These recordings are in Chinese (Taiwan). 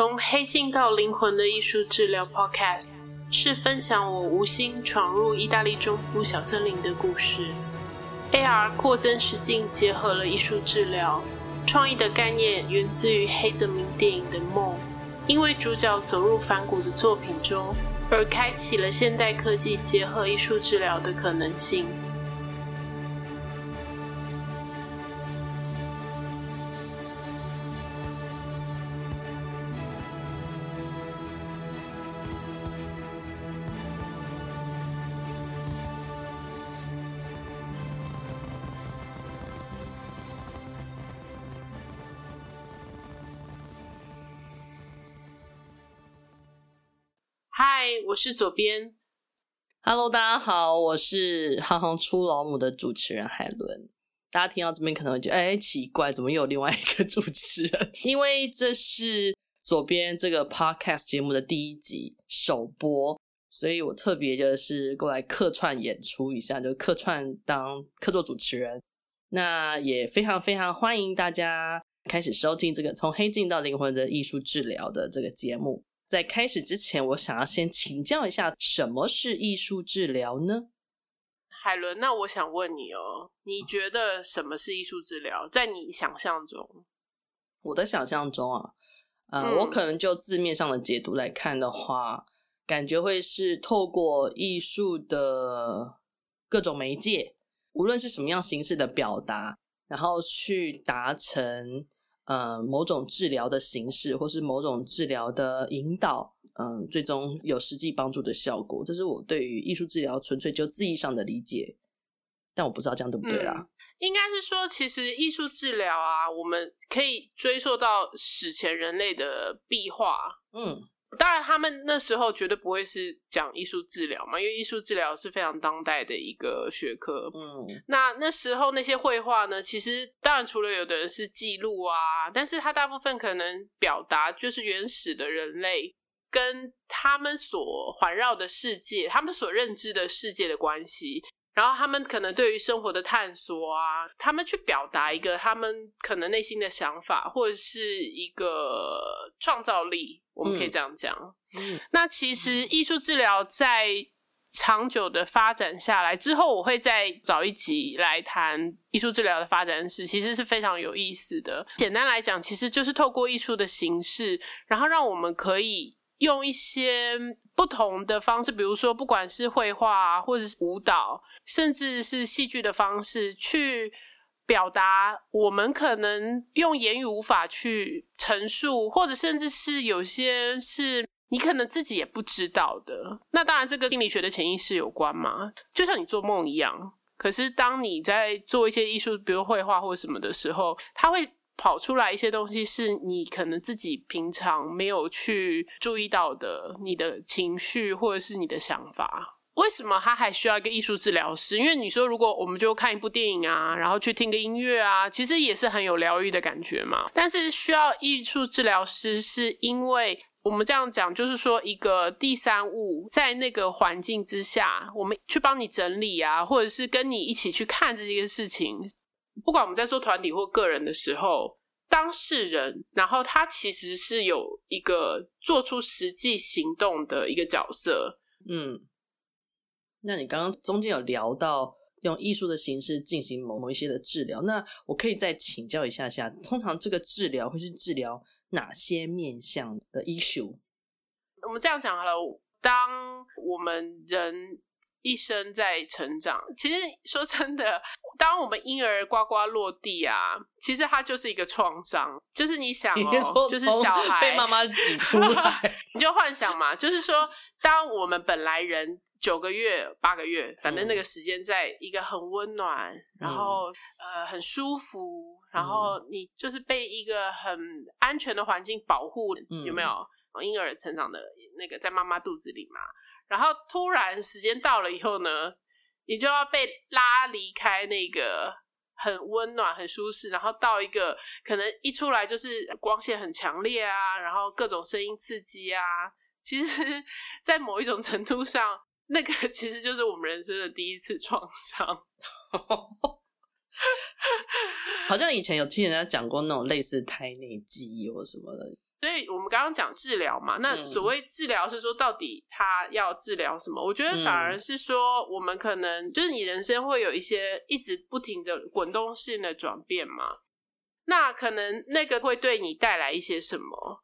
從黑鏡到靈魂的藝術治療 Podcast 是分享我無心闖入意大利中部小森林的故事。AR 擴增實境結合了藝術治療創意的概念，源自於黑澤明電影的夢，因為主角走入梵谷的作品中，而開啟了現代科技結合藝術治療的可能性。是左邊，Hello，大家好，我是《行行出老母》的主持人海倫。大家聽到這邊可能會覺得，哎、欸，奇怪，怎麼又有另外一個主持人？因為這是左邊這個 Podcast 節目的第一集首播，所以我特別就是過來客串演出一下，就是、客串當客座主持人。那也非常非常歡迎大家開始收聽這個從黑鏡到靈魂的藝術治療的這個節目。在開始之前，我想要先請教一下，什麼是藝術治療呢？海倫，那我想問你哦，你覺得什麼是藝術治療？在你想象中，我的想象中啊，呃，嗯，我可能就字面上的解讀來看的話，感覺會是透過藝術的各種媒介，無論是什麼樣形式的表達，然後去達成。呃、嗯，某種治療的形式，或是某種治療的引導，嗯，最終有實際幫助的效果，這是我對於藝術治療純粹就字義上的理解，但我不知道這樣對不對啦。嗯、應該是說，其實藝術治療啊，我們可以追溯到史前人類的壁畫，嗯。當然，他們那時候絕對不會是講藝術治療嘛，因為藝術治療是非常當代的一個學科。嗯，那那時候那些繪畫呢，其實當然除了有的人是記錄啊，但是它大部分可能表達就是原始的人類跟他們所環繞的世界、他們所認知的世界的關係。然後他們可能對於生活的探索啊，他們去表達一個他們可能內心的想法，或者是一個創造力，我們可以這樣講。嗯嗯、那其實藝術治療在長久的發展下來之後，我會再找一集來談藝術治療的發展史，其實是非常有意思的。簡單來講，其實就是透過藝術的形式，然後讓我們可以用一些。不同的方式，比如說，不管是繪畫啊，或者是舞蹈，甚至是戲劇的方式，去表達我們可能用言語無法去陳述，或者甚至是有些是你可能自己也不知道的。那當然，這個心理學的潛意識有關嘛，就像你做夢一樣。可是，當你在做一些藝術，比如繪畫或什麼的時候，它會。跑出來一些東西是你可能自己平常沒有去注意到的，你的情緒或者是你的想法。為什麼他還需要一個藝術治療師？因為你說，如果我們就看一部電影啊，然後去聽個音樂啊，其實也是很有療癒的感覺嘛。但是需要藝術治療師，是因為我們這樣講，就是說一個第三物在那個環境之下，我們去幫你整理啊，或者是跟你一起去看這些事情。不管我們在做團體或個人的時候，當事人，然後他其實是有一個做出實際行動的一個角色。嗯，那你剛剛中間有聊到用藝術的形式進行某某一些的治療，那我可以再請教一下下，通常這個治療會是治療哪些面向的 issue？我們這樣講好了，當我們人。一生在成長。其實說真的，當我們嬰兒呱呱落地啊，其實它就是一個創傷。就是你想，喔，就是小孩被媽媽擠出來， 你就幻想嘛。 就是說，當我們本來人九個月、八個月，反正那個時間在一個很溫暖，然後、嗯、呃很舒服，然後你就是被一個很安全的環境保護，嗯，有沒有？嬰兒成長的那個在媽媽肚子裡嘛。然後突然時間到了以後呢，你就要被拉離開那個很溫暖、很舒適，然後到一個可能一出來就是光線很強烈啊，然後各種聲音刺激啊。其實，在某一種程度上，那個其實就是我們人生的第一次創傷。 好像以前有聽人家講過那種類似胎內記憶或什麼的。所以我們剛剛講治療嘛，那所謂治療是說到底他要治療什麼，嗯？我覺得反而是說，我們可能就是你人生會有一些一直不停的滾動性的轉變嘛。那可能那個會對你帶來一些什麼？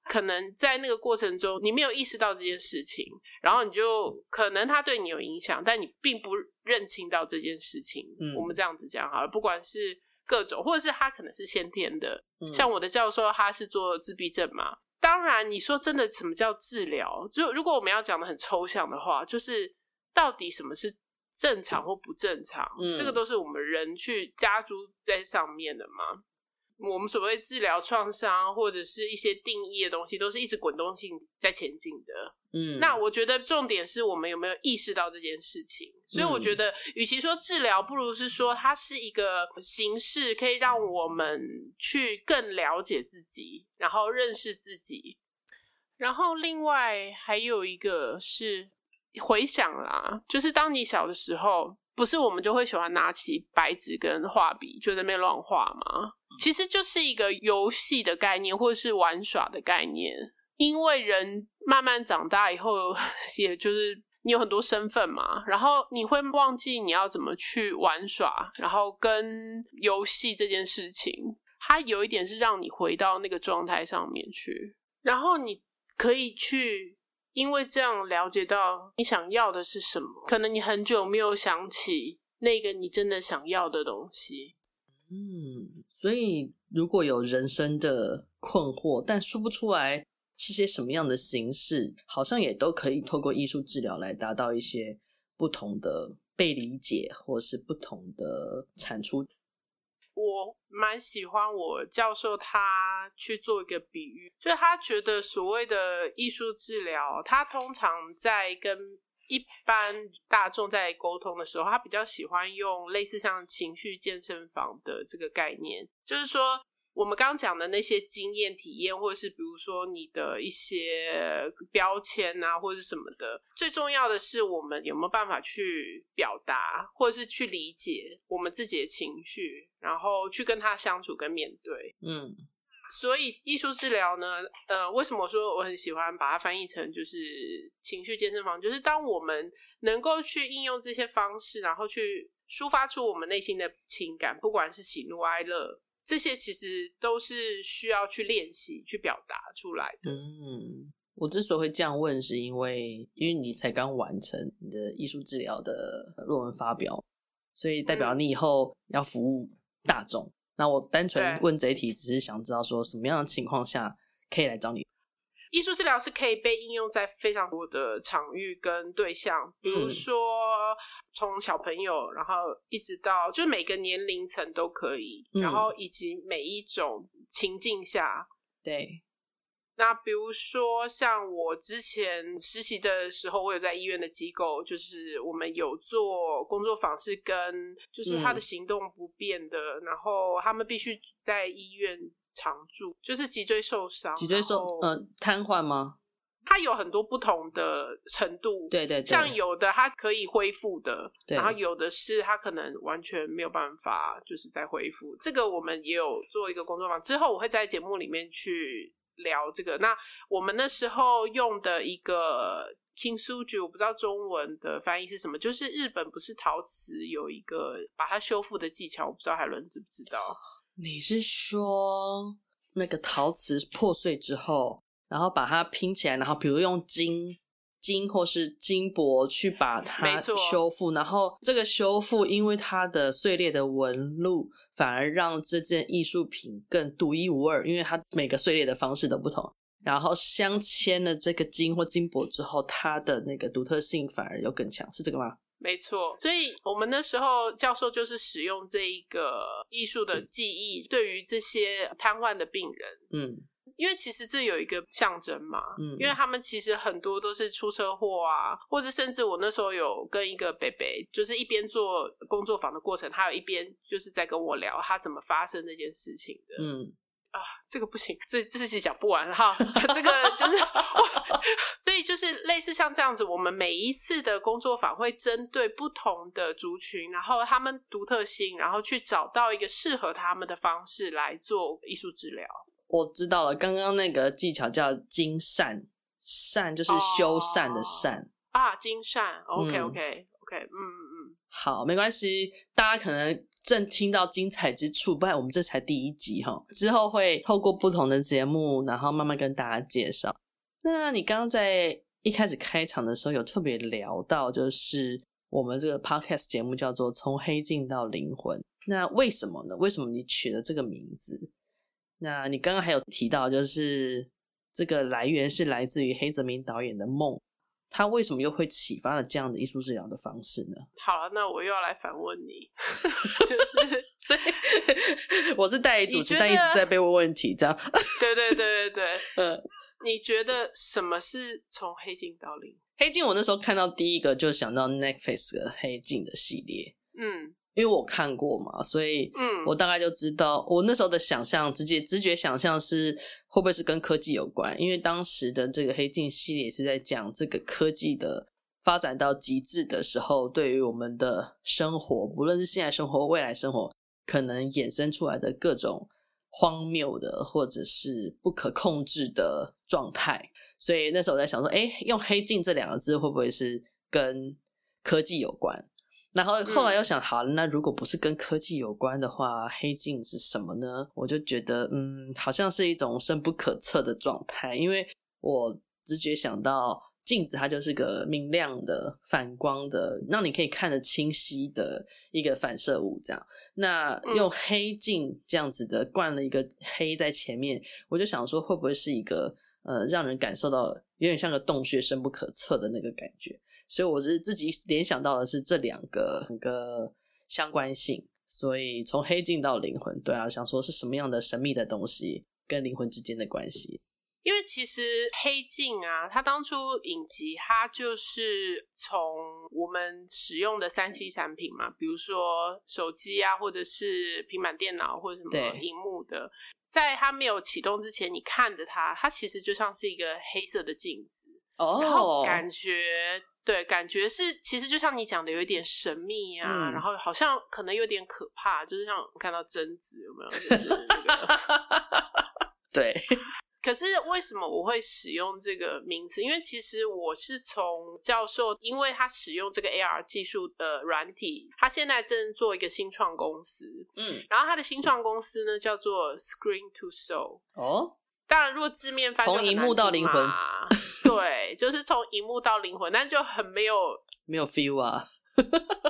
可能在那個過程中，你沒有意識到這件事情，然後你就、嗯、可能他對你有影響，但你並不認清到這件事情。嗯、我們這樣子講好了，不管是各種，或者是他可能是先天的，嗯、像我的教授他是做自閉症嘛。當然，你說真的，什麼叫治療？就如果我們要講的很抽象的話，就是到底什麼是正常或不正常？嗯。這個都是我們人去加諸在上面的嗎？我們所謂治療創傷或者是一些定義的東西，都是一直滾動性在前進的。嗯，那我覺得重點是我們有沒有意識到這件事情。所以我覺得，嗯、與其說治療，不如是說它是一個形式，可以讓我們去更了解自己，然後認識自己。然後另外還有一個是回想啦，就是當你小的時候。不是我們就會喜歡拿起白紙跟畫筆就在那邊亂畫嗎？其實就是一個遊戲的概念，或者是玩耍的概念。因為人慢慢長大以後，也就是你有很多身份嘛，然後你會忘記你要怎麼去玩耍，然後跟遊戲這件事情，它有一點是讓你回到那個狀態上面去，然後你可以去。因為這樣了解到你想要的是什麼，可能你很久沒有想起那個你真的想要的東西。嗯，所以如果有人生的困惑，但說不出來是些什麼樣的形式，好像也都可以透過藝術治療來達到一些不同的被理解，或是不同的產出。我。蠻喜歡我教授他去做一個比喻，所以他覺得所謂的藝術治療，他通常在跟一般大眾在溝通的時候，他比較喜歡用類似像情緒健身房的這個概念，就是說。我們剛講的那些經驗、體驗，或者是比如說你的一些標籤啊，或者什麼的，最重要的是我們有沒有辦法去表達，或者是去理解我們自己的情緒，然後去跟他相處、跟面對。嗯，所以藝術治療呢，呃，為什麼說我很喜歡把它翻譯成就是情緒健身房？就是當我們能夠去應用這些方式，然後去抒發出我們內心的情感，不管是喜怒哀樂。這些其實都是需要去練習、去表達出來的。嗯，我之所以會這樣問，是因為因為你才剛完成你的藝術治療的論文發表，所以代表你以後要服務大眾，嗯。那我單純問這題，只是想知道說什麼樣的情況下可以來找你。藝術治療是可以被應用在非常多的場域跟對象，比如說從小朋友，然後一直到就每個年齡層都可以、嗯，然後以及每一種情境下。對，那比如說像我之前實習的時候，我有在醫院的機構，就是我們有做工作坊，是跟就是他的行動不便的，然後他們必須在醫院。常住就是脊椎受傷，脊椎受，呃，癱瘓嗎？它有很多不同的程度，對對,對，像有的它可以恢復的對，然後有的是它可能完全沒有辦法，就是再恢復。這個我們也有做一個工作坊，之後我會在節目裡面去聊這個。那我們那時候用的一個 kintsugi 我不知道中文的翻譯是什麼，就是日本不是陶瓷有一個把它修復的技巧，我不知道海倫知不知道。你是說那個陶瓷破碎之後，然後把它拼起來，然後比如用金金或是金箔去把它修復，哦、然後這個修復因為它的碎裂的紋路反而讓這件藝術品更獨一無二，因為它每個碎裂的方式都不同，然後鑲嵌了這個金或金箔之後，它的那個獨特性反而又更強，是這個嗎？沒錯，所以我們那時候教授就是使用這一個藝術的記憶，對於這些癱瘓的病人，嗯，因為其實這有一個象徵嘛，嗯，因為他們其實很多都是出車禍啊，或者甚至我那時候有跟一個伯伯就是一邊做工作坊的過程，他有一邊就是在跟我聊他怎麼發生這件事情的，嗯。啊，這個不行，自己自己講不完哈。這個就是， 對，就是類似像這樣子，我們每一次的工作坊會針對不同的族群，然後他們獨特性，然後去找到一個適合他們的方式來做藝術治療。我知道了，剛剛那個技巧叫“精善善”，善就是修善的善、哦、啊。精善、嗯、，OK OK OK，嗯嗯嗯，好，沒關係，大家可能。正聽到精彩之處，不然我們這才第一集哈、哦。之後會透過不同的節目，然後慢慢跟大家介紹。那你剛剛在一開始開場的時候，有特別聊到，就是我們這個 podcast 節目叫做《從黑鏡到靈魂》，那為什麼呢？為什麼你取了這個名字？那你剛剛還有提到，就是這個來源是來自於黑澤明導演的夢。他為什麼又會啟發了這樣的藝術治療的方式呢？好了、啊，那我又要來反問你， 就是 所以，我是代理主持，但一直在被問問題，這樣。 對對對對對， 你覺得什麼是從黑鏡到靈？黑鏡，我那時候看到第一個就想到 Netflix 的黑鏡的系列，嗯。因為我看過嘛，所以，我大概就知道我那時候的想象，直接直覺想象是會不會是跟科技有關？因為當時的這個《黑鏡》系列是在講這個科技的發展到極致的時候，對於我們的生活，不論是現在生活、未來生活，可能衍生出來的各種荒謬的或者是不可控制的狀態。所以那時候我在想說，哎，用“黑鏡”這兩個字，會不會是跟科技有關？然後後來又想，好了，那如果不是跟科技有關的話，黑鏡是什麼呢？我就覺得，嗯，好像是一種深不可測的狀態，因為我直覺想到鏡子，它就是個明亮的、反光的，讓你可以看得清晰的一個反射物。這樣，那用黑鏡這樣子的灌了一個黑在前面，我就想說，會不會是一個，呃，讓人感受到有點像個洞穴、深不可測的那個感覺。所以我是自己聯想到的是這兩個很個相關性，所以從黑鏡到靈魂，對啊，想說是什麼樣的神秘的東西跟靈魂之間的關係？因為其實黑鏡啊，它當初影集它就是從我們使用的三 C 產品，嘛，比如說手機啊，或者是平板電腦或者什麼熒幕的，在它沒有啟動之前，你看着它，它其實就像是一個黑色的鏡子。哦、oh. 感覺，對，感覺是其實就像你講的，有一點神秘啊、嗯，然後好像可能有點可怕，就是像我看到貞子有沒有？就是這個、 對。可是為什麼我會使用這個名字？因為其實我是從教授，因為他使用這個 AR 技術的軟體，他現在正做一個新創公司，嗯，然後他的新創公司呢叫做 Screen to Soul 哦。當然，如果字面翻譯，從螢幕到靈魂，對，就是從螢幕到靈魂，但就很沒有沒有 feel 啊，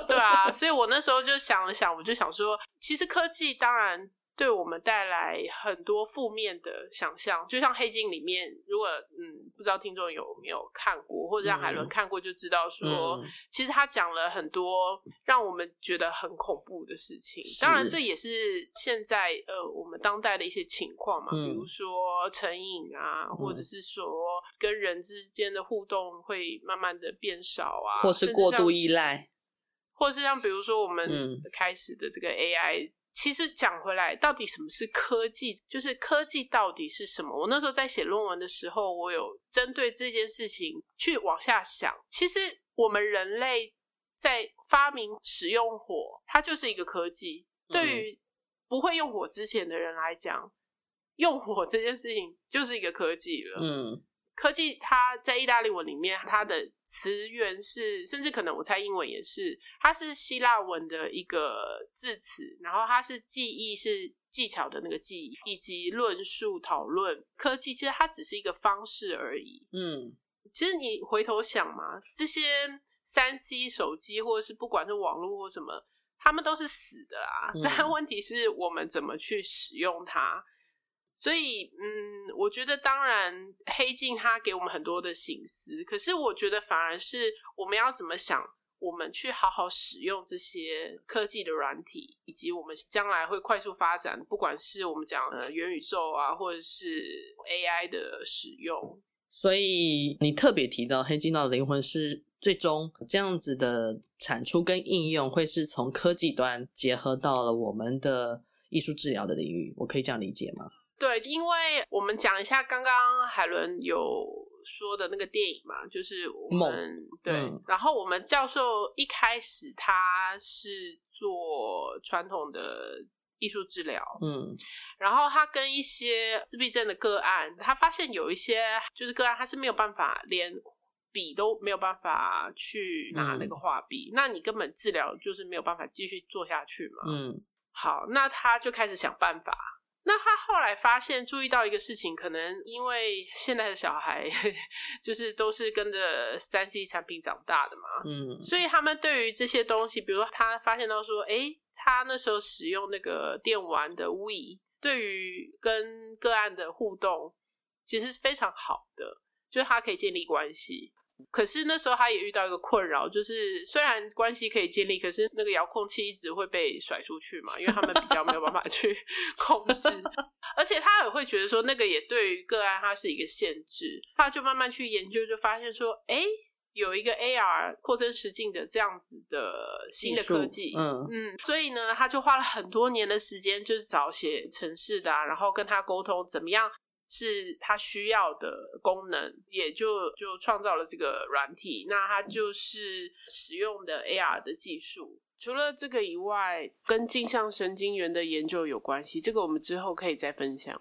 對啊，所以我那時候就想了想，我就想說，其實科技當然。對我們帶來很多負面的想象，就像《黑鏡》裡面，如果嗯不知道聽眾有沒有看過，或者讓海倫看過，就知道說，嗯、其實他講了很多讓我們覺得很恐怖的事情。當然，這也是現在呃我們當代的一些情況嘛、嗯，比如說成癮啊，或者是說跟人之間的互動會慢慢的變少啊，或是過度依賴，或者是像比如說我們開始的這個 AI。其實講回來，到底什麼是科技？就是科技到底是什麼？我那時候在寫論文的時候，我有針對這件事情去往下想。其實我們人類在發明使用火，它就是一個科技。對於不會用火之前的人來講，嗯、用火這件事情就是一個科技了。嗯。科技，它在意大利文裡面，它的詞源是，甚至可能我猜英文也是，它是希臘文的一個字詞，然後它是技藝是技巧的那個技，以及論述討論。科技其實它只是一個方式而已。嗯，其實你回頭想嘛，這些三 C 手機或者是不管是網絡或什麼，他們都是死的啊，嗯、但問題是，我們怎麼去使用它？所以，嗯，我覺得當然，黑鏡它給我們很多的省思，可是我覺得反而是我們要怎麼想，我們去好好使用這些科技的軟體，以及我們將來會快速發展，不管是我們講的元宇宙啊，或者是 AI 的使用。所以，你特別提到黑鏡到靈魂是最終這樣子的產出跟應用，會是從科技端結合到了我們的藝術治療的領域，我可以這樣理解嗎？對，因為我們講一下剛剛海倫有說的那個電影嘛，就是夢，對、嗯，然後我們教授一開始他是做傳統的藝術治療，嗯，然後他跟一些自閉症的個案，他發現有一些就是個案他是沒有辦法連筆都沒有辦法去拿那個畫筆、嗯，那你根本治療就是沒有辦法繼續做下去嘛。嗯，好，那他就開始想辦法。那他後來發現，注意到一個事情，可能因為現在的小孩就是都是跟着 3C 產品長大的嘛，嗯，所以他們對於這些東西，比如說他發現到說，哎、欸，他那時候使用那個電玩的 Wii，對於跟個案的互動，其實是非常好的，就是他可以建立關係。可是那時候他也遇到一個困擾，就是雖然關係可以建立，可是那個遙控器一直會被甩出去嘛，因為他們比較沒有辦法去控制， 而且他也會覺得說那個也對於個案它是一個限制，他就慢慢去研究，就發現說，哎、欸，有一個 AR 擴增實境的這樣子的新的科技，嗯嗯，所以呢，他就花了很多年的時間，就是找寫程式的啊，然後跟他溝通怎麼樣。是它需要的功能，也就就創造了這個軟體。那它就是使用的 AR 的技術。除了這個以外，跟鏡像神經元的研究有關係。這個我們之後可以再分享。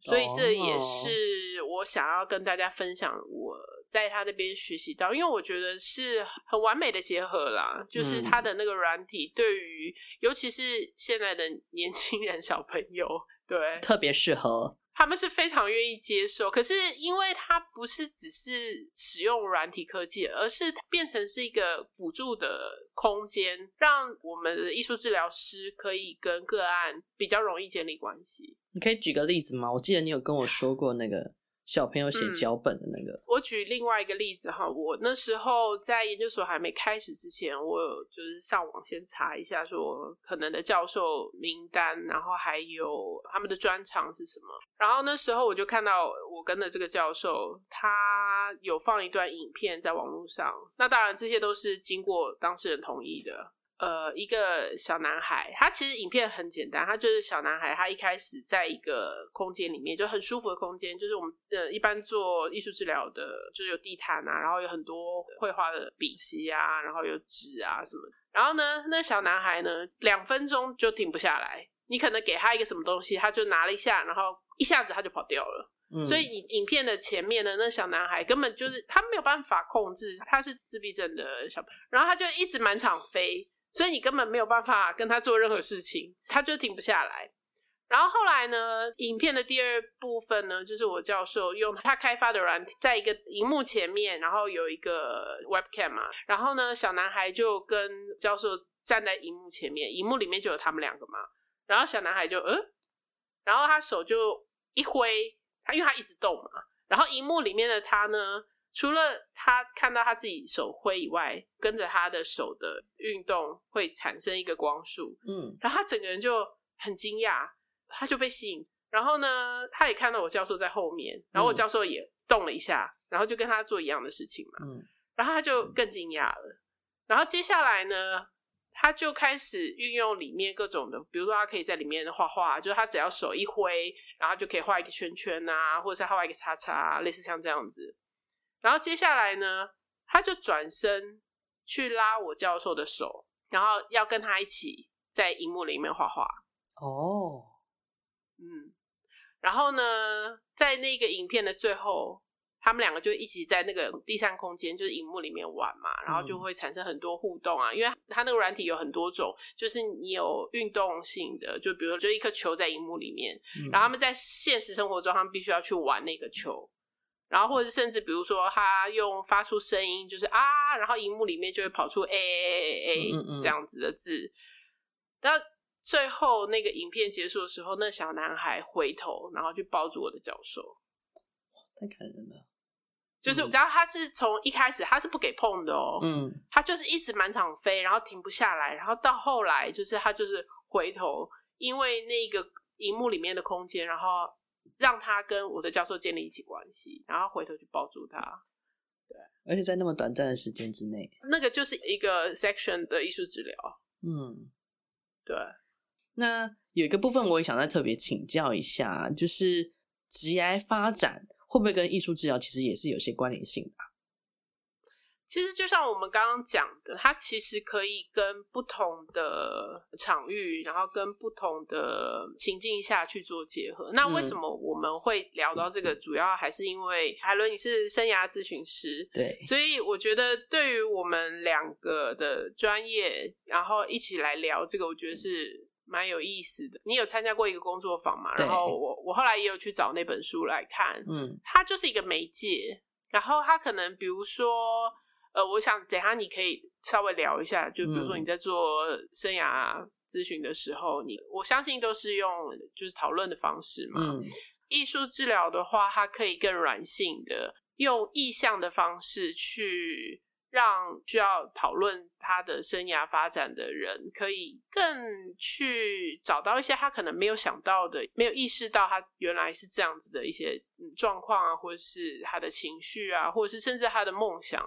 所以這也是我想要跟大家分享我在他那邊學習到，因為我覺得是很完美的結合啦。就是他的那個軟體對於尤其是現在的年輕人小朋友，對特別適合。他們是非常願意接受，可是因為它不是只是使用軟體科技，而是變成是一個輔助的空間，讓我們的藝術治療師可以跟個案比較容易建立關係。你可以舉個例子嗎？我記得你有跟我說過那個。小朋友寫腳本的那個。嗯，我舉另外一個例子哈，我那時候在研究所還沒開始之前，我有就是上網先查一下說可能的教授名單，然後還有他們的專長是什麼，然後那時候我就看到我跟的這個教授，他有放一段影片在網絡上，那當然這些都是經過當事人同意的。呃，一個小男孩，他其實影片很簡單，他就是小男孩。他一開始在一個空間裡面，就很舒服的空間，就是我們呃一般做藝術治療的，就是有地毯啊，然後有很多繪畫的筆紙啊，然後有紙啊什麼的。然後呢，那小男孩呢，兩分鐘就停不下來。你可能給他一個什麼東西，他就拿了一下，然後一下子他就跑掉了。嗯、所以，你影片的前面呢，那小男孩根本就是他沒有辦法控制，他是自閉症的小朋友，然後他就一直滿場飛。所以你根本沒有辦法跟他做任何事情，他就停不下來。然後後來呢，影片的第二部分呢，就是我教授用他開發的軟體，在一個熒幕前面，然後有一個 webcam 嘛，然後呢，小男孩就跟教授站在熒幕前面，熒幕裡面就有他們兩個嘛，然後小男孩就嗯，然後他手就一揮，他因為他一直動嘛，然後熒幕裡面的他呢。除了他看到他自己手揮以外，跟着他的手的運動會產生一個光束，嗯，然後他整個人就很驚訝，他就被吸引。然後呢，他也看到我教授在後面，然後我教授也動了一下，然後就跟他做一樣的事情嘛，嗯，然後他就更驚訝了。然後接下來呢，他就開始運用裡面各種的，比如說他可以在裡面畫畫，就是他只要手一揮，然後就可以畫一個圈圈啊，或者是畫一個叉叉啊，類似像這樣子。然後接下來呢，他就轉身去拉我教授的手，然後要跟他一起在熒幕裡面畫畫。哦、oh.，嗯，然後呢，在那個影片的最後，他們兩個就一起在那個第三空間，就是熒幕裡面玩嘛，然後就會產生很多互動啊。嗯、因為他那個軟體有很多種，就是你有運動性的，就比如說就一顆球在熒幕裡面，然後他們在現實生活中，他們必須要去玩那個球。然後，或者甚至比如說，他用發出聲音，就是啊，然後熒幕裡面就會跑出 A A A A 這樣子的字，嗯嗯。到最後那個影片結束的時候，那小男孩回頭，然後就抱住我的教授，太感人了。就是，嗯，然後他是從一開始他是不給碰的哦，嗯，他就是一直滿場飛，然後停不下來，然後到後來就是他就是回頭，因為那個熒幕裡面的空間，然後。讓他跟我的教授建立一起關係，然後回頭去抱住他，對。而且在那麼短暫的時間之內，那個就是一個 section 的藝術治療，嗯，對。那有一個部分我也想再特別請教一下，就是職涯發展會不會跟藝術治療其實也是有些關聯性的？其實就像我們剛剛講的，它其實可以跟不同的場域，然後跟不同的情境下去做結合。那為什麼我們會聊到這個？主要還是因為海、嗯嗯、倫你是生涯諮詢師，對，所以我覺得對於我們兩個的專業，然後一起來聊這個，我覺得是蠻有意思的。你有參加過一個工作坊嘛？然後我我後來也有去找那本書來看，嗯，它就是一個媒介，然後它可能比如說。呃，我想等一下你可以稍微聊一下，就比如說你在做生涯諮詢的時候，嗯、你我相信都是用就是討論的方式嘛。嗯、藝術治療的話，它可以更軟性的，用意象的方式去讓需要討論他的生涯發展的人，可以更去找到一些他可能沒有想到的、沒有意識到他原來是這樣子的一些狀況啊，或者是他的情緒啊，或者是甚至他的夢想。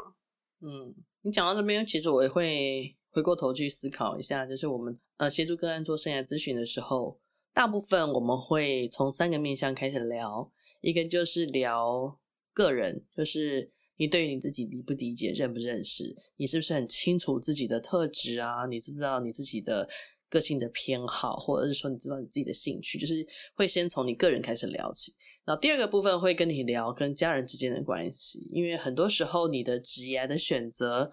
嗯，你講到這邊，其實我也會回過頭去思考一下，就是我們呃協助個案做生涯諮詢的時候，大部分我們會從三個面向開始聊，一個就是聊個人，就是你對於你自己理不理解、認不認識，你是不是很清楚自己的特質啊，你知不知道你自己的個性的偏好，或者是說你知，知道你自己的興趣，就是會先從你個人開始聊起。那第二個部分會跟你聊跟家人之間的關係，因為很多時候你的職業的選擇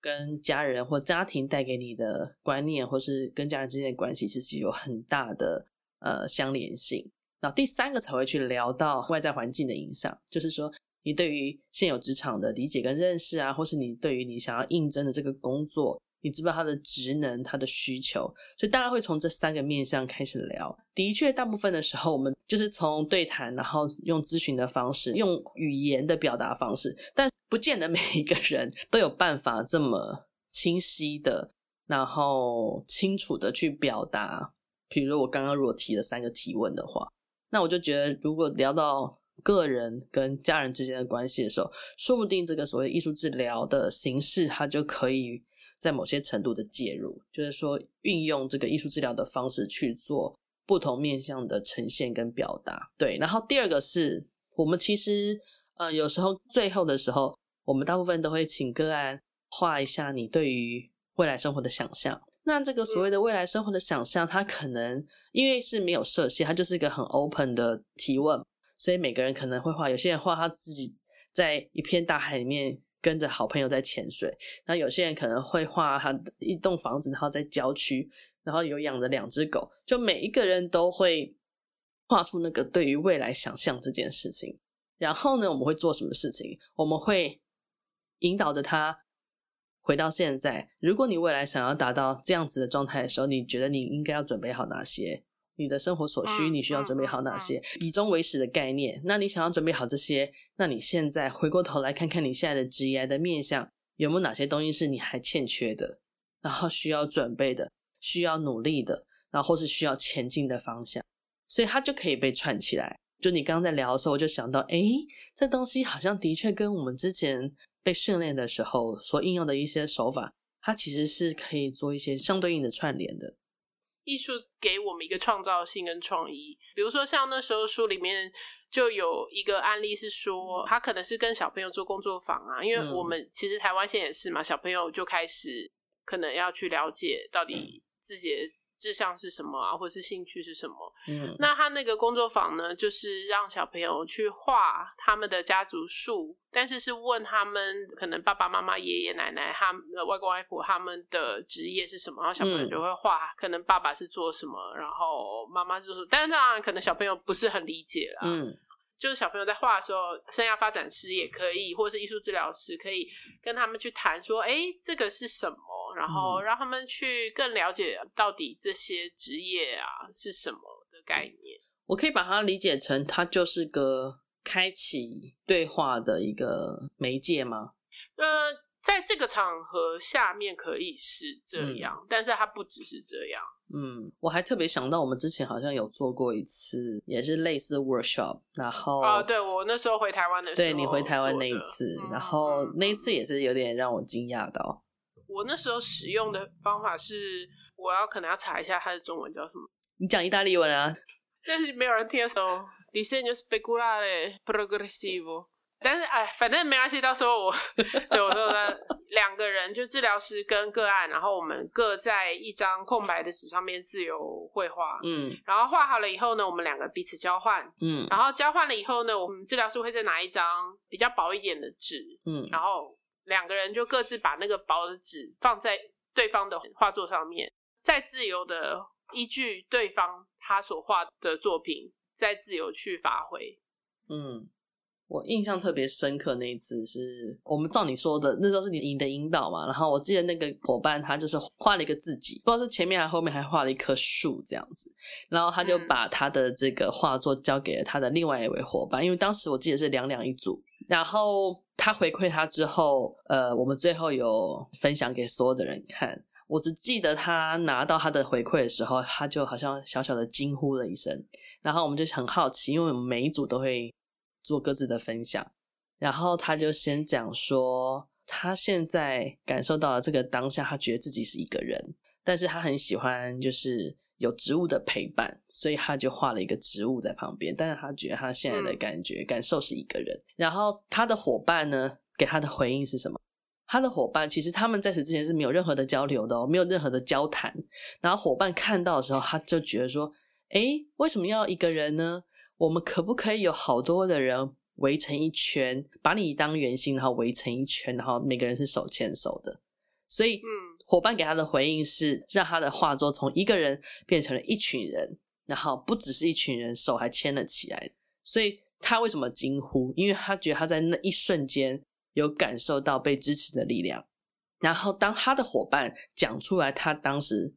跟家人或家庭帶給你的觀念，或是跟家人之間的關係，其實有很大的呃相連性。然後第三個才會去聊到外在環境的影響，就是說你對於現有職場的理解跟認識啊，或是你對於你想要應徵的這個工作，你知不知道他的職能、他的需求？所以大家會從這三個面向開始聊。的確，大部分的時候我們就是從對談，然後用諮詢的方式，用語言的表達方式，但不見得每一個人都有辦法這麼清晰的、然後清楚的去表達。比如說，我剛剛如果提了三個提問的話，那我就覺得，如果聊到個人跟家人之間的關係的時候，說不定這個所謂藝術治療的形式，它就可以。在某些程度的介入，就是說運用這個藝術治療的方式，去做不同面向的呈現跟表達。對，然後第二個是，我們其實呃有時候最後的時候，我們大部分都會請個案畫一下你對於未來生活的想象。那這個所謂的未來生活的想象，它可能因為是沒有設限，它就是一個很 open 的提問，所以每個人可能會畫，有些人畫他自己在一片大海裡面。跟着好朋友在潛水，然後有些人可能會畫他一棟房子，然後在郊區，然後有養着兩隻狗，就每一個人都會畫出那個對於未來想象這件事情。然後呢，我們會做什麼事情？我們會引導着他回到現在。如果你未來想要達到這樣子的狀態的時候，你覺得你應該要準備好哪些？你的生活所需，你需要準備好哪些，以終為始的概念？那你想要準備好這些，那你現在回過頭來看看你現在的職業的面向，有沒有哪些東西是你還欠缺的，然後需要準備的，需要努力的，然後或是需要前進的方向，所以它就可以被串起來。就你剛剛在聊的時候，我就想到，誒，這東西好像的確跟我們之前被訓練的時候所應用的一些手法，它其實是可以做一些相對應的串聯的。藝術給我們一個創造性跟創意，比如說像那時候書裡面就有一個案例是說，他可能是跟小朋友做工作坊啊，因為我們其實台灣現在也是嘛，小朋友就開始可能要去了解到底自己的。志向是什麼啊，或者是興趣是什麼？嗯，那他那個工作坊呢，就是讓小朋友去畫他們的家族樹，但是是問他們可能爸爸媽媽、爺爺奶奶、他呃外公外婆他們的職業是什麼，然後小朋友就會畫、嗯，可能爸爸是做什麼，然後媽媽是做什麼。但是當然可能小朋友不是很理解啦。嗯，就是小朋友在畫的時候，生涯發展師也可以，或者是藝術治療師可以跟他們去談說，哎、欸，這個是什麼？然後讓他們去更了解到底這些職業啊是什麼的概念。嗯。我可以把它理解成它就是個開啟對話的一個媒介嗎？呃，在這個場合下面，可以是這樣，嗯、但是它不只是這樣。嗯，我還特別想到我們之前好像有做過一次，也是類似 workshop。然後啊、呃，對我那時候回台灣的時候，對，對你回台灣那一次，嗯，然後那一次也是有點讓我驚訝到、哦。我那時候使用的方法是，我要可能要查一下它的中文叫什麼。你講意大利文啊？但是沒有人聽的時候 L'idea è progressivo，但是哎，反正沒關係。到時候我，對， 我說的兩個人，就治療師跟個案，然後我們各在一張空白的紙上面自由繪畫。嗯。然後畫好了以後呢，我們兩個彼此交換。嗯。然後交換了以後呢，我們治療師會再拿一張比較薄一點的紙。嗯。然後。兩個人就各自把那個薄的紙放在對方的畫作上面，再自由的依據對方他所畫的作品，再自由去發揮。嗯，我印象特別深刻那一次是我們照你說的，那時候是你你的引導嘛。然後我記得那個伙伴他就是畫了一個自己，不知道是前面還後面還畫了一棵樹這樣子。然後他就把他的這個畫作交給了他的另外一位伙伴，嗯，因為當時我記得是兩兩一組。然後他回饋他之後，呃，我們最後有分享給所有的人看。我只記得他拿到他的回饋的時候，他就好像小小的驚呼了一聲。然後我們就很好奇，因為我們每一組都會做各自的分享。然後他就先講說，他現在感受到了這個當下，他覺得自己是一個人，但是他很喜歡，就是。有植物的陪伴，所以他就畫了一個植物在旁邊。但是他覺得他現在的感覺、嗯、感受是一個人。然後他的夥伴呢，給他的回應是什麼？他的夥伴其實他們在此之前是沒有任何的交流的，哦，沒有任何的交談。然後夥伴看到的時候，他就覺得說：“誒，為什麼要一個人呢？我們可不可以有好多的人圍成一圈，把你當圓心，然後圍成一圈，然後每個人是手牽手的？”所以，嗯夥伴給他的回應是，讓他的畫作從一個人變成了一群人，然後不只是一群人，手還牽了起來。所以他為什麼驚呼？因為他覺得他在那一瞬間有感受到被支持的力量。然後當他的夥伴講出來他當時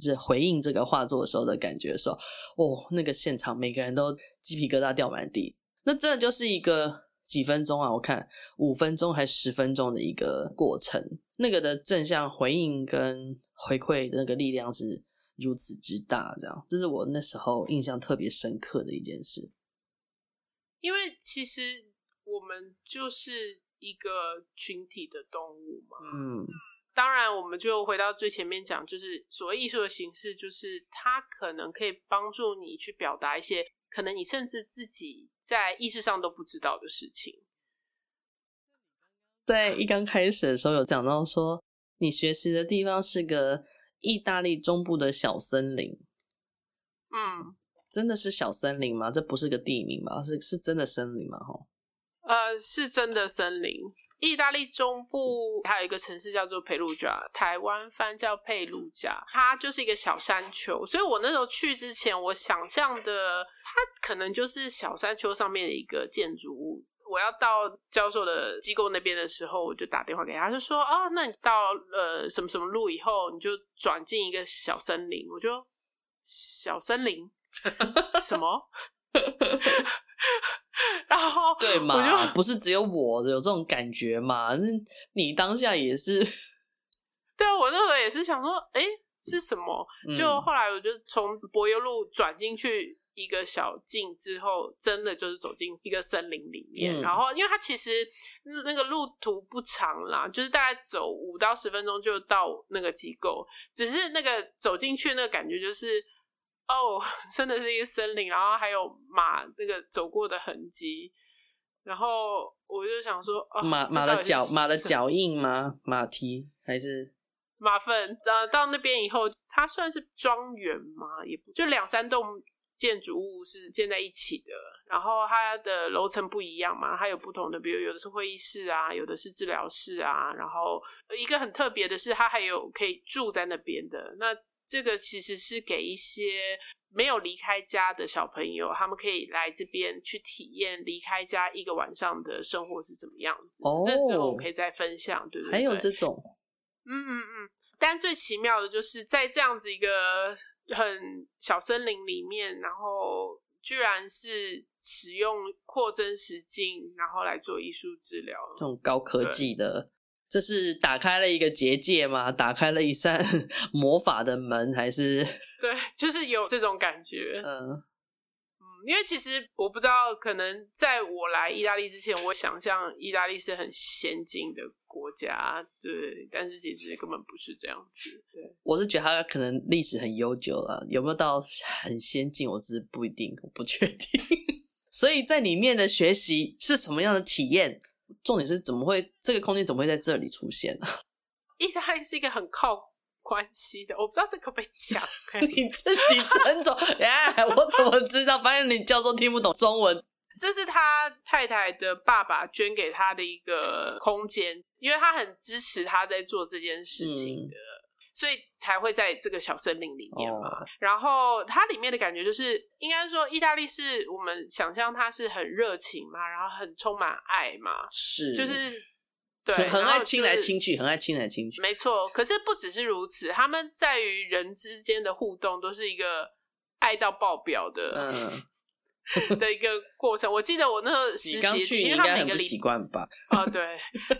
就是回應這個畫作的時候的感覺的時候，哦，那個現場每個人都雞皮疙瘩掉滿地。那真的就是一個。幾分鐘啊，我看，五分鐘還十分鐘的一個過程，那個的正向回應跟回饋的那個力量是如此之大，這樣，這是我那時候印象特別深刻的一件事。因為其實我們就是一個群體的動物嘛。嗯。當然我們就回到最前面講，就是所謂藝術的形式，就是它可能可以幫助你去表達一些。可能你甚至自己在意識上都不知道的事情，在一剛開始的時候有講到說，你學習的地方是個意大利中部的小森林。嗯，真的是小森林嗎？這不是個地名嗎？是是真的森林嗎？哈？呃，是真的森林。意大利中部還有一個城市叫做佩魯賈，台灣翻叫佩魯賈，它就是一個小山丘。所以我那時候去之前，我想象的它可能就是小山丘上面的一個建築物。我要到教授的機構那邊的時候，我就打電話給他，他就說：“哦，那你到呃什麼什麼路以後，你就轉進一個小森林。”我就說小森林 什麼？ 然後我就，對嘛？ 不是只有我有這種感覺嘛？那你當下也是？ 對啊，我那時候也是想說，哎，是什麼、嗯？就後來我就從柏油路轉進去一個小徑之後，真的就是走進一個森林裡面。嗯、然後，因為它其實那個路途不長啦，就是大概走五到十分鐘就到那個機構。只是那個走進去的那個感覺就是。哦、oh，真的是一個森林，然後還有馬那個走過的痕迹，然後我就想說，哦、馬馬的腳馬的腳印嗎？馬蹄還是馬糞？到那邊以後，它算是莊園嗎？也不就兩三棟建築物是建在一起的，然後它的樓層不一樣嘛，它有不同的，比如有的是會議室啊，有的是治療室啊，然後一個很特別的是，它還有可以住在那邊的那。這個其實是給一些沒有離開家的小朋友，他們可以來這邊去體驗離開家一個晚上的生活是怎麼樣子。哦，這之後可以再分享，對不對？還有這種，嗯嗯嗯。但最奇妙的就是在這樣子一個很小森林裡面，然後居然是使用擴增實境，然後來做藝術治療，這種高科技的。這是打開了一個結界嗎？打開了一扇魔法的門，還是？對，就是有這種感覺。嗯嗯，因為其實我不知道，可能在我來意大利之前，我想象意大利是很先進的國家，對，但是其實根本不是這樣子。對，我是覺得它可能歷史很悠久了啊，有沒有到很先進，我是不，是不一定，我不確定。 所以在裡面的學習是什麼樣的體驗？重點是怎麼會這個空間怎麼會在這裡出現呢？意大利是一個很靠關係的，我不知道這可不可以講， 你自己斟酌。哎、 欸，我怎麼知道？反正你教授聽不懂中文。這是他太太的爸爸捐給他的一個空間，因為他很支持他在做這件事情的。嗯所以才會在這個小森林裡面嘛，然後它裡面的感覺就是，應該說意大利是我們想象它是很熱情嘛，然後很充滿愛嘛，是，就是對，很愛親來親去，很愛親來親去，沒錯。可是不只是如此，他們在於人之間的互動都是一個愛到爆表的，嗯。 的一個過程，我記得我那個時候實習，你剛去你應該因為他每個禮拜應該很不習慣吧？啊對，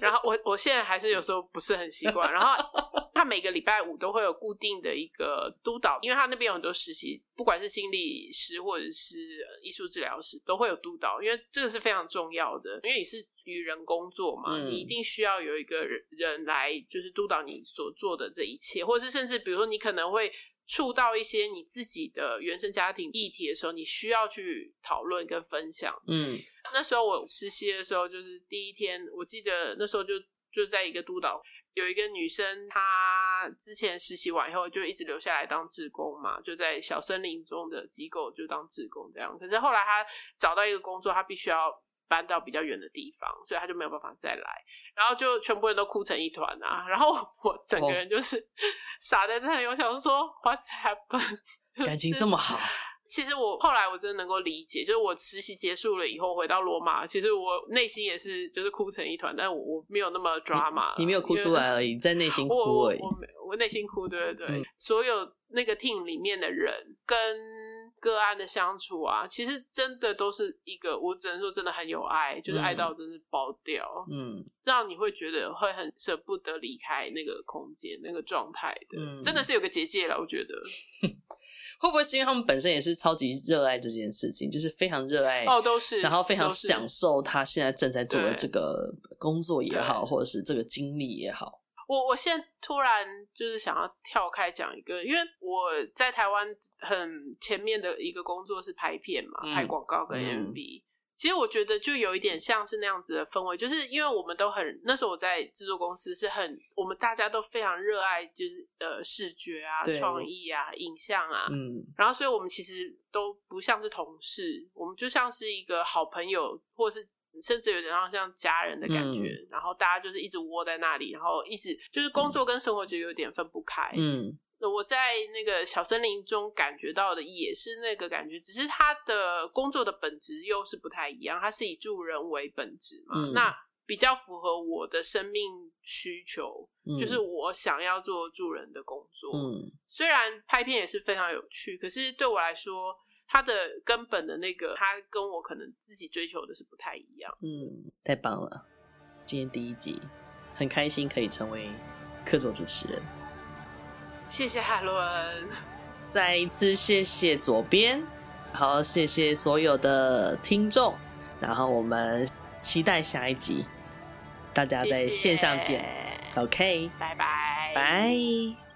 然後我我現在還是有時候不是很習慣。然後他每個禮拜五都會有固定的一個督導，因為他那邊有很多實習，不管是心理師或者是藝術治療師，都會有督導，因為這個是非常重要的，因為你是與人工作嘛，嗯、你一定需要有一個人來就是督導你所做的這一切，或者是甚至比如說你可能會。觸到一些你自己的原生家庭議題的時候，你需要去討論跟分享。嗯，那時候我實習的時候，就是第一天，我記得那時候就就在一個督導，有一個女生，她之前實習完以後就一直留下來當志工嘛，就在小森林中的機構就當志工這樣。可是後來她找到一個工作，她必須要，搬到比較遠的地方，所以他就沒有辦法再來，然後就全部人都哭成一團啊！然後我整個人就是、oh. 傻在那，我想說 What's happened？感情這麼好，其實我後來我真的能夠理解，就是我實習結束了以後回到羅馬，其實我內心也是就是哭成一團，但我我沒有那麼 drama，你，你沒有哭出來而已，在內心哭已。我我內心哭，對不對對、嗯，所有那個 team 裡面的人跟個案的相處啊，其實真的都是一個，我只能說真的很有愛、嗯，就是愛到真是爆掉，嗯，讓你會覺得會很捨不得離開那個空間、那個狀態的、嗯，真的是有個結界了，我覺得。會不會是因為他們本身也是超級熱愛這件事情，就是非常熱愛哦，都是，然後非常享受他現在正在做的這個工作也好，或者是這個經歷也好。我我現在突然就是想要跳開講一個，因為我在台灣很前面的一個工作是拍片嘛，拍廣告跟 MV、嗯嗯。其實我覺得就有一點像是那樣子的氛圍，就是因為我們都很，那時候我在製作公司是很，我們大家都非常熱愛就是呃視覺啊、創意啊、影像啊、嗯，然後所以我們其實都不像是同事，我們就像是一個好朋友或是。甚至有點像像家人的感覺、嗯，然後大家就是一直窩在那裡，嗯、然後一直就是工作跟生活其實有點分不開。嗯，我在那個小森林中感覺到的也是那個感覺，只是他的工作的本質又是不太一樣，他是以助人為本質嘛、嗯。那比較符合我的生命需求，嗯、就是我想要做助人的工作、嗯。雖然拍片也是非常有趣，可是對我來說。他的根本的那個，他跟我可能自己追求的是不太一樣。嗯，太棒了！今天第一集，很開心可以成為客座主持人。謝謝海倫，再一次謝謝左邊，然後謝謝所有的聽眾，然後我們期待下一集，大家在線上見。謝謝。OK，拜拜，拜。